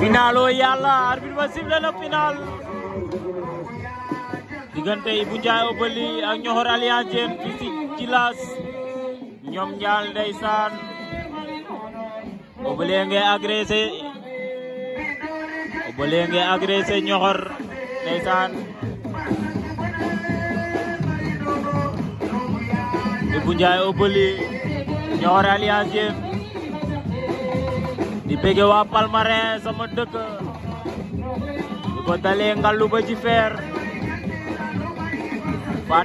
finalo yàlla arbitre ba sifflé na final diggante Ibou Ndiaye ak Ñoxor Alliance Diène fi ci Djilass ñoom ñaar ndeysaan Obali ngay agressé Obali ngay agressé Ñoxor ndeysaan Ibou Ndiaye Obali Ñoxor dipege Wapal Palmarin sama dëkk lu ko dalee ngallu ba ci feer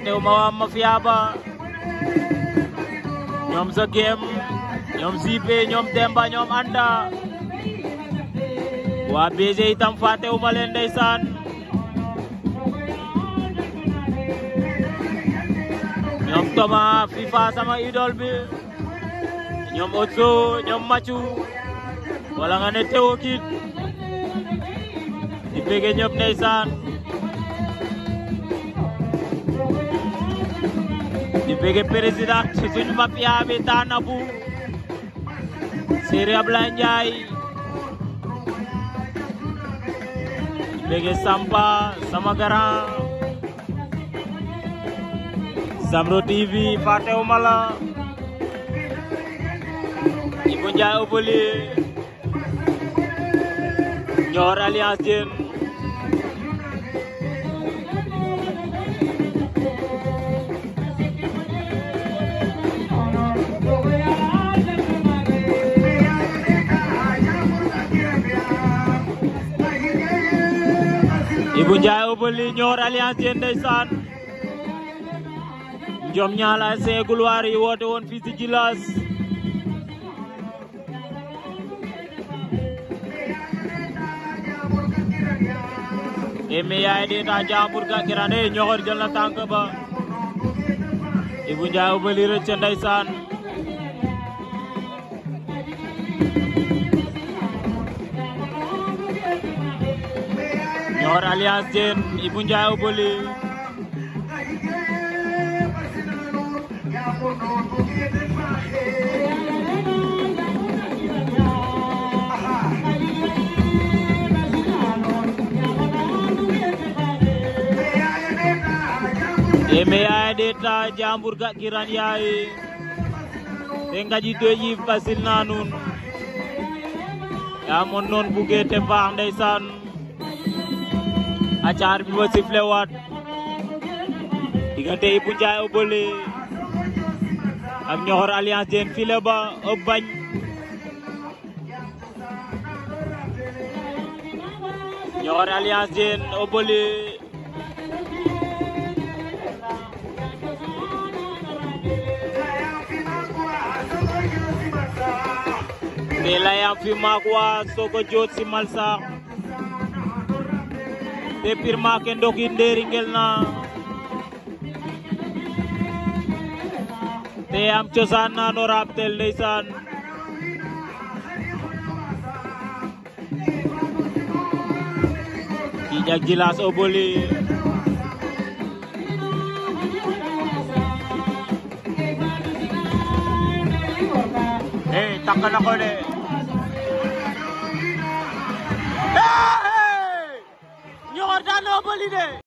nyom waa mafia ba Nyom sa sipe demba nyom anda Buat BG itam fàttewuma leen ndeysaan Nyom toma FIFA sama idol bi ñoom Otso nyom Macu wala nga ne Théo Kid di bëgg ñëpp ndeysaan di bëgg président ci suñu mafia bi Tanabu Serigne Ablaye Ndiaye di bëgg Samba sama grand Zambro TV fàttewuma la Ibu Ndiaye Oboli Dior ya, alias ya, Jim Ibu Jaya beli Dior alias ya, Jim ndeysaan ñoom ñaar la see gulwaar yi woote woon Eme yaay de daa ka Kirané ñoxor jël na tànk ba Ibou Ndiaye ubali rëcc ndeysaan ñoxor alliance Diène Ibou Ndiaye Yeme yaye ɗeta jambur ga kiran yaye ɓe gaƴi to yiif basil na nun yamon noon buge te faax ndeysan aca arbitre ba sifle waat diggante Ibou Ndiaye o Bole ak Ñoxor Alliance den file ba o bañ Alliance den o te layam fi maak waa Sogo Joot si Malsax te pir maake ndoki ndeeringel na te am cosaan na no raab tel ndeysaan Kiiñak Jilaas Oboli takk na ko de Nioro daan na Obeuly de